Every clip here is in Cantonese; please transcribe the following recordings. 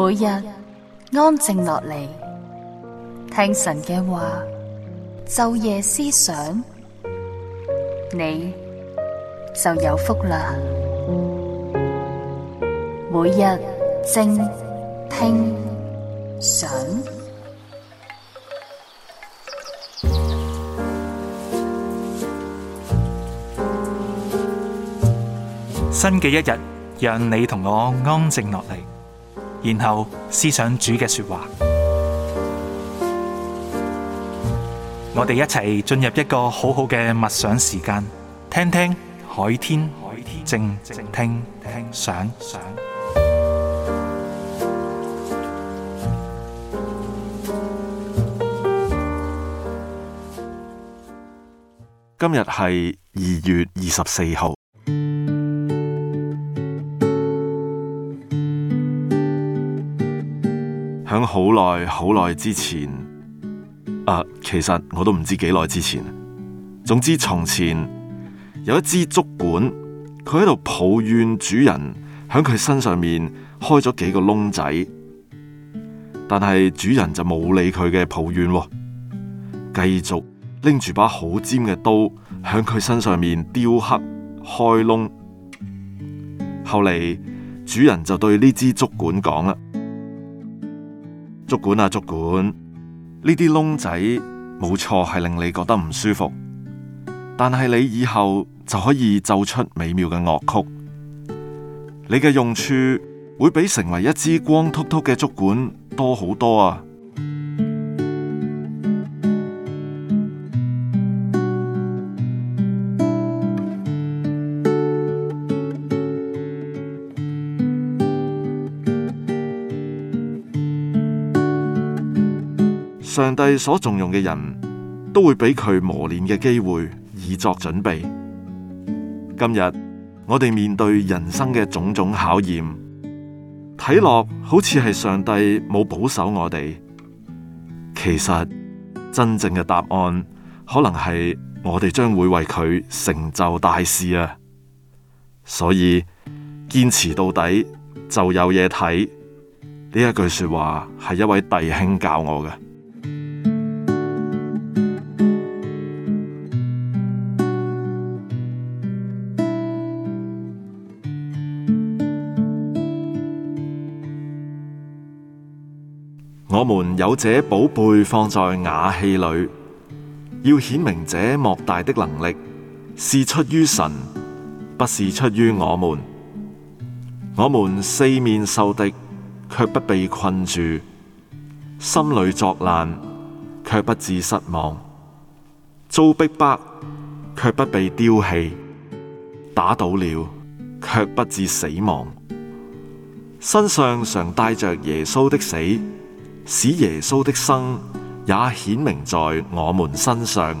每日安靜落嚟，聽神嘅話，晝夜思想，你就有福啦。每日靜聽想，新嘅一日，讓你同我安靜落嚟。然後思想主嘅說話，我哋一齊進入一個好好嘅默想時間，聽聽海天靜聽想。今日係二月二十四號。喺好耐好耐之前，誒、啊，其實我都唔知幾耐之前。總之從前有一支竹管，佢喺度抱怨，主人喺佢身上面開咗幾個窿仔，但係主人就冇理佢嘅抱怨，繼續拎住把好尖嘅刀喺佢身上面雕刻開窿。後嚟，主人就對呢支竹管講啦。竹管啊，竹管，呢啲窿仔，冇錯，係令你覺得唔舒服，但係你以後就可以奏出美妙嘅樂曲，你嘅用處會比成為一支光禿禿嘅竹管多好多啊！上帝所重用嘅人都會俾佢磨練嘅機會，以作準備。今日我哋面對人生嘅種種考驗，睇落好似係上帝冇保守我哋。其實真正嘅答案可能係我哋將會為佢成就大事啊！所以堅持到底就有嘢睇。呢一句說話係一位弟兄教我嘅。我們有這寶貝放在瓦器裏，要顯明這莫大的能力是出於神，不是出於我們。我們四面受敵，卻不被困住；心裏作難，卻不致失望；遭逼迫，卻不被丟棄；打倒了，卻不至死亡。身上常帶着耶穌的死。使耶穌的生也顯明在我們身上。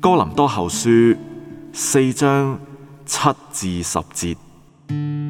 哥林多後書四章七至十節。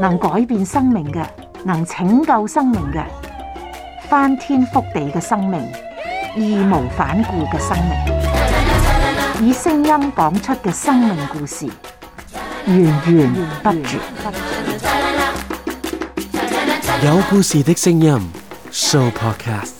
能改變生命嘅，能拯救生命嘅，翻天覆地嘅生命，義無反顧嘅生命，以聲音講出嘅生命故事，源源不絕。有故事的聲音，Show Podcast。